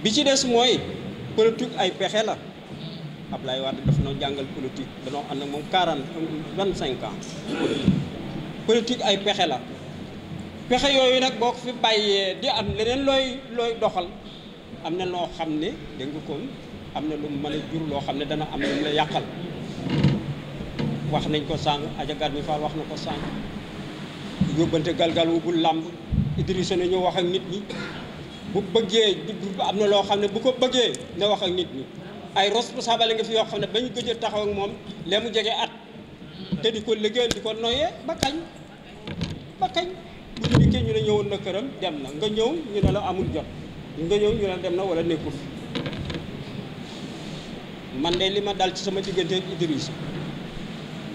bi ci des mooy politique ay pexe la Ablaye Wade daf noo jàngal politique danoo am ak moom quarante vingt cinq ans ay pexe la pexe yooyu nag boo ko fi bàyyee di am leneen looy looy doxal am na loo xam ne dégg nga kon am na lu mën a jur loo xam ne dana am lu mu la yàqal wax nañ ko sàng ajagat mi Fall wax na ko sàng yóbbante galgal wu bul làmb Idrissa na ñu wax ak nit ñi bu bëggee am na loo xam ne bu ko bëggee na wax ak nit ñi ay responsable nga fi yoo xam ne bañ gëj a taxaw ak moom leen mu jege at te di ko liggéeyal di ko noyee ba kañ ba kañ bu ñu dikkee ñu këram dem na nga ñëw ñu ne la amul jot nga ñëw ñu dem na wala nekkul man de li ma dal ci sama diggante Idriss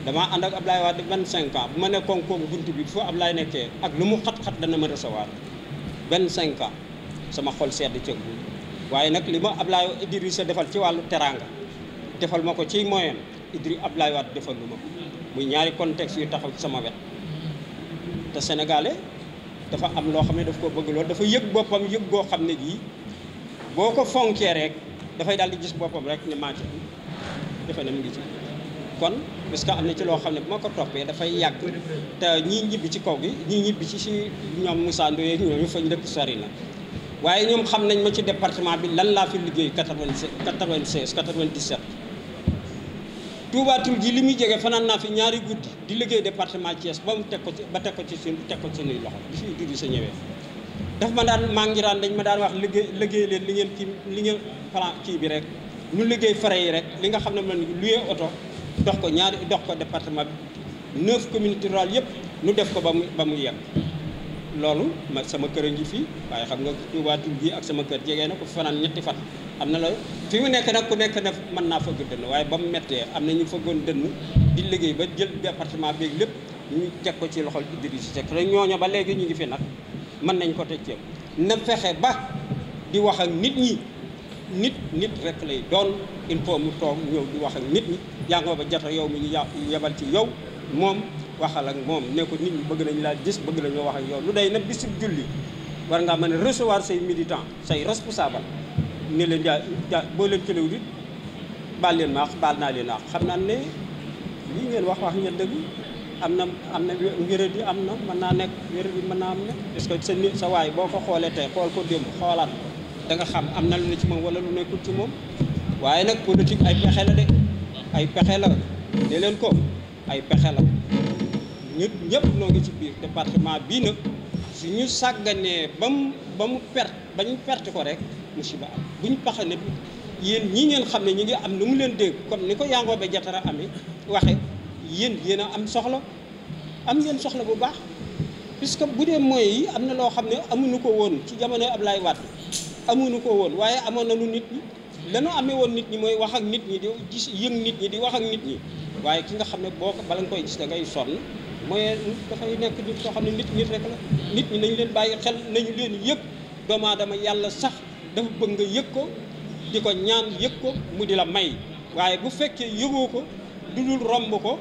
damaa ànd ak Ablaye Wade vingt cinq ans bu ma nekkoon kooku bunt bi foo Ablaye nekkee ak lu mu xat-xat dana ma recevoir benn cinq ans sama xol sedd ci waaye nag li ma Ablaye sa defal ci wàllu teraanga defal ma ko ci moyen Idri Ablaye Wade defal lu ma ko muy ñaari contexte yu taxaw ci sama wet te sénégalais dafa am loo xam ne daf ko bëgg lool dafa yëg boppam yëg boo xam ne gii boo ko fonkee rek dafay daal di gis boppam rek ne maa ci defe na mu ngi ci kon parce que am na ci loo xam ne bu ma ko toppee dafay yàgg te ñii ñibbi ci kaw gi ñii ñibbi ci si ñoom Moussa Ndoye ñooñu fañ dëkk na waaye ñoom xam nañ ma ci département bi lan laa fi liggéey 96 96 97 Touba Toul ji li muy jege fanaan naa fi ñaari guddi di liggéey département Thiès ba mu teg ko ci ba teg ko ci suñu teg ko ci suñuy loxo bi fi Idrissa sa ñëwee daf ma daan maa ngi raan dañ ma daan wax liggéey liggéey leen li ngeen kii li ngeen plan kii bi rek ñu liggéey frais yi rek li nga xam ne man luyee oto dox ko ñaari dox ko département bi neuf communautés rurales yëpp ñu def ko ba mu ba mu yem loolu ma sama kër a ngi fii waaye xam nga waatul gi ak sama kër jege na ko fanaan ñetti fan am na la fi mu nekk nag ku nekk na mën naa fëgg dënn waaye ba mu méttee am na ñu fëggoon dënn di liggéey ba jël département beeg lépp ñu teg ko ci loxol Idrissa Seck rek ñooñu ba léegi ñu ngi fi nag mën nañ ko teg ceeb na fexe ba di wax ak nit ñi nit nit rek lay doon il faut mu toog ñëw di wax ak nit ñi yaa nga ba jota yow mi ñu yebal ci yow moom waxal ak moom ne ko nit ñi bëgg nañ laa gis bëgg nañoo wax ak yow lu day nag bisub julli war ngaa mën a recevoir say militant say responsable ne leen jaa jaa boo leen cëlew dit baal leen maax baal naa leen maax xam naa ne lii ngeen wax wax ngeen dëgg am na am na wéré di am na mën naa nekk wéré di mën naa am na parce que sa nit boo ko xoolee xool ko xoolaat da nga xam am na lu ne ci moom wala lu nekkul ci moom waaye nag politique ay pexe la de ay pexe la ne leen ko ay pexe la ñu ñëpp noo ngi ci biir département bii nag su ñu sàgganee ba mu ba mu perte ba ñu perte ko rek musiba am bu ñu paxee ne yéen ñii ngeen xam ne ñu ngi am lu mu leen dégg comme ni ko yangoo ba jatara amee waxe yéen yéen a am soxla am ngeen soxla bu baax puisque bu dee moyens yi am na loo xam ne amuñu ko woon ci jamono Ablaye Wade amuñu ko woon waaye amoon na lu nit ñi lanu amee woon nit ñi mooy wax ak nit ñi di gis yëng nit ñi di wax ak nit ñi waaye ki nga xam ne boo ko bala koy gis da ngay sonn mooy dafay nekk nit koo xam ne nit nit rek la nit ñi nañ leen bàyyi xel nañu leen yëg doomu aadama yàlla sax dafa bëgg nga yëg ko di ko ñaan yëg ko mu di la may waaye bu fekkee yëgoo ko du dul romb ko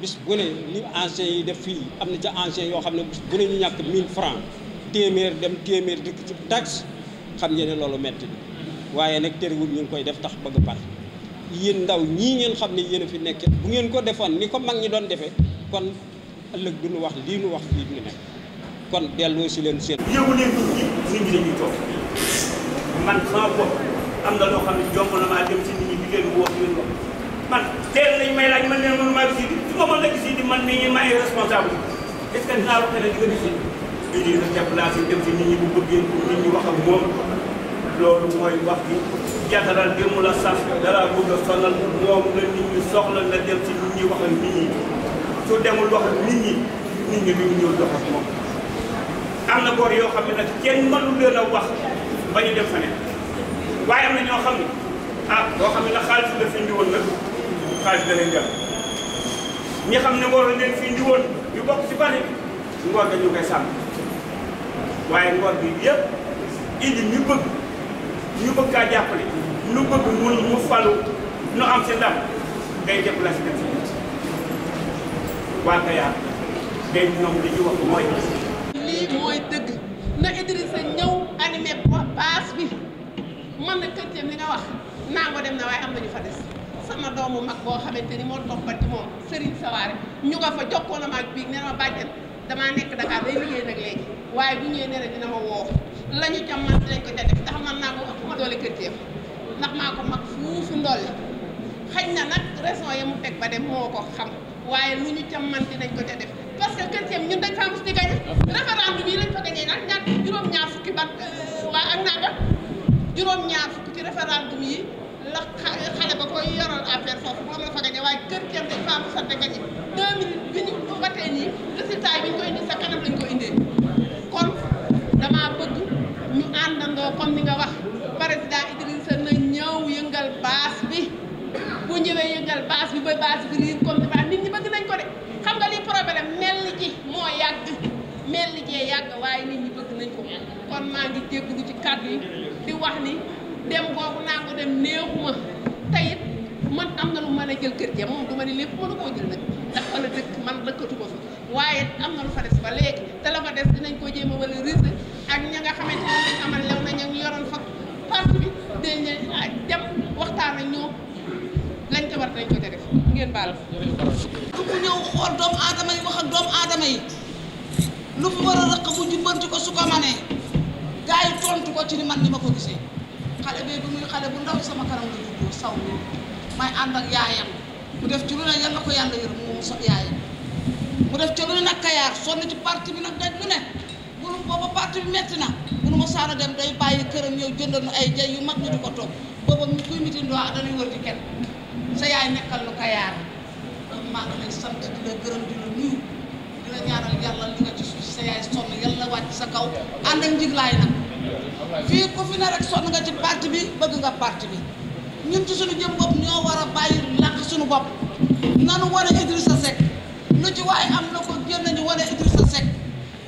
bis bu ne ni ancien yi def fii am na ca ancien yoo xam ne bis bu ñu ñàkk 1000 francs téeméer dem téeméer dikk ci tax xam ngeen loolu metti waaye nag terewul ñu ngi koy def tax bëgg bari yéen ndaw ñii ngeen xam ne yéen a fi nekk bu ngeen ko defoon ni ko mag ñi doon defee ëllëg du ñu wax lii nu wax lii ñu nekk kon delloo si leen seen. yëngu leen ko nit ñi dañuy toog man sama bopp am na loo xam ne jomb na maa dem si nit ñi di leen wax wax man teel maa gis ma mën la gis di man mii maa ngi responsable est ce que dinaa ne di di si nit ñi bu bëggee pour wax ak moom loolu mooy wax bi jàkkaarloo démb la sax dara bëgg a sonal moom la nit ñi soxla na dem si nit ñi wax ak nit ñi. su demul wax ak nit ñi nit ñi duñ ñëw dox ak moom am na góor yoo xam ne nag kenn mënu leen a wax ba ñu dem fa ne waaye am na ñoo xam ne ah boo xam ne nag xaalis la fi indi woon nag xaalis da leen jàpp ñi xam ne ngóor leen fi indi woon ñu bokk ci bari ngóor dañu koy sàmm waaye ngóor bi yëpp indi ñu bëgg ñu bëgg kaa jàppale ñu bëgg mu mu falu nu am ci ndam day déplacé dem waa Kayar lii mooy dëgg na Idrissa ñëw animé base bi man na quatrième li nga wax naa ko dem na waaye am na ñu fa des sama doomu mag boo xamante ni moo toppati moom Serigne Sawaare ñu nga fa jokkoon ma ak bii nee na ma bàjjen damaa nekk Dakar day liggéey nag léegi waaye bu ñëwee nee na dina ma woo la ñu ca ko ca def ndax man naa ko ëpp ma doole quatrième ndax maa ko mag fuufu ndolle xëy na nag raison ya mu teg ba dem moo ko xam. waaye lu ñu ca man ko ca def parce que quatrième ñun dañ faa mos di gañe référendum bii lañ fa gañee ak ñaar juróom-ñaar fukki bat euh, ak naa ba juróom-ñaar fukki ci yi la xale ba koy yoroon affaire foofu moom la fa gañe waaye quatrième dañ faa mos a gañe deux bi ñu ko batee nii résultat yi ñu ko indi sa kanam lañ ko indee mel base bi ba base bi riir comme ça nit ñi bëgg nañ ko de xam nga li problème mel ji moo yàgg mel jee yàgg waaye nit ñi bëgg nañ ko kon maa ngi jégalu ci kàddu yi di wax ni dem boobu naa ko dem neexuma tey man am na lu mën a jël kër ja moom du ma ne lépp mënu koo jël nag ndax wala dëkk man dëkkatu ko fa waaye am na lu fa des ba léegi te la fa des dinañ ko jéem a wala risque ak ña nga xamante ne ci war dañ ko ca def ngeen baal ku mu ñëw xool doomu aadama yi wax ak doomu aadama yi lu mu war a rëq mu jubbanti ko su ko manee gars yi tontu ko ci ni man ni ma ko gisee xale bee bi muy xale bu ndaw sama kanam nga juddoo saw mi may ànd ak yaayam mu def ci lu ne nag kayaar sonn ci parti bi nag daj ne munu booba parti bi metti na munu ma saana dem day bàyyi këram ñëw jëndal nu ay jay yu mag ñu di ko toog booba kuy sa yaay nekkal lu kayaar maa ngi lay sant di gërëm di la nuyu ñaanal yàlla li ci suuf sa yaay sonn yàlla wàcc sa kaw ànd ak njiglaay nag fii ku fi ne rek sonn nga ci parti bi bëgg nga parti bi ñun ci suñu jëm bopp ñoo war a bàyyi làq suñu bopp nanu wane Idrissa Seck lu ci waaye am na ko génn nañu wane Idrissa Seck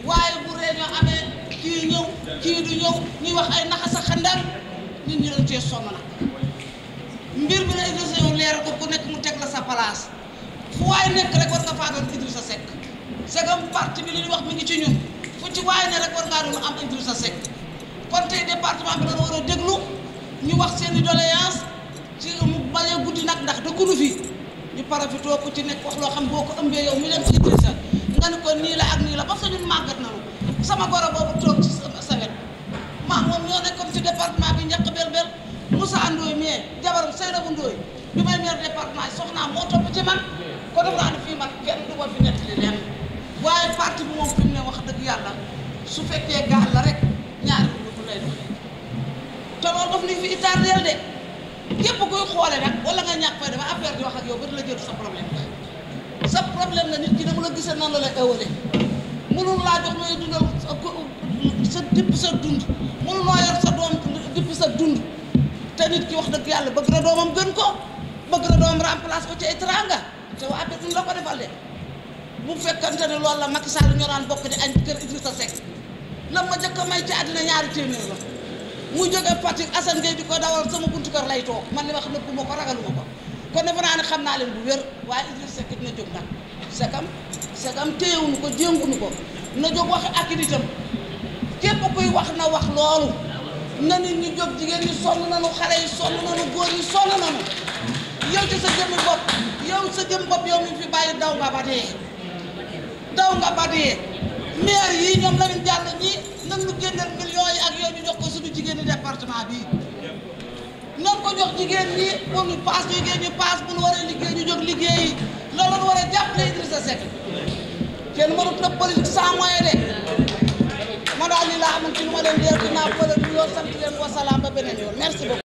waaye bu réunion amee kii ñëw kii du ñëw ñuy wax ay naxa sa xandaan ñun ñu leen sonn nag mbir bi la Idrissa yow leer ko nekk mu teg la sa place fu waay nekk rek war nga faa doon Idrissa Seck segam parti bi li ñu wax mi ngi ci ñun fu ci waay ne rek war ngaa doon am Idrissa Seck kon tey département bi dañu war a déglu ñu wax seen ndax dëkkunu fi ñu profité ku ci nekk wax loo xam boo ko ëmbee yow mi dem ci Idrissa nga ne ko nii la ak nii la parce que ñun màggat na sama goro boobu toog ci sa wet maa moom ñoo nekkoon ci département bi njëkk bel Moussa Ndoye mais jabaram Seynabou Ndoye bi may maire département yi soxnaa moo topp ci man ko def laa ne fii man kenn du ma fi nettali leen ne wax dëgg yàlla su fekkee gaal la rek ñaari dugub lay dox te loolu daf ñu fi ittardeel de képp kuy xoole rek wala nga ñàkk fay dama affaire di wax ak yow ba la jël sa problème la sa problème la nit ki dama la gisee noonu la lay ëwale mënul laa jox looy dundal sa dipp sa dund mënul noo yor nit ki wax dëgg yàlla bëgg na doomam ko bëgg na doomam remplace ko ci ay la ko defal de fekkante ne loolu la Macky Sall ñoraan bokk di añ kër Idrissa Seck lan ma njëkk a may ci àddina ñaari téeméer la di ko dawal sama buntu kër lay toog man li wax nëbbu ma ko ragaluma ko kon defe naa xam naa leen bu wér waaye Idrissa Seck dina jóg nag segam segam téyewuñu ko jénguñu ko na jóg waxi ak nitam képp kuy wax na wax loolu. na nit ñu jóg jigéen ñi sonn nañu xale yi sonn nañu góor yi sonn nañu yow ci sa jëmmi bopp yow sa jëm bopp yow mi fi bàyyi daw nga ba dee daw nga ba dee maire yi ñoom lañu jàll ñi nan lu génneel millions yi ak yow ñu jox ko suñu jigéen ñi département bi nan ko jox jigéen ñi pour ñu paas jigéen ñi paas bu ñu waree liggéey ñu jóg liggéeyi loolu la ñu war a jàppale Idrissa Seck kenn mënut na politique sans daal li laa xamante ni ma leen di leen dinaa ko leen nuyoo sant beneen yoon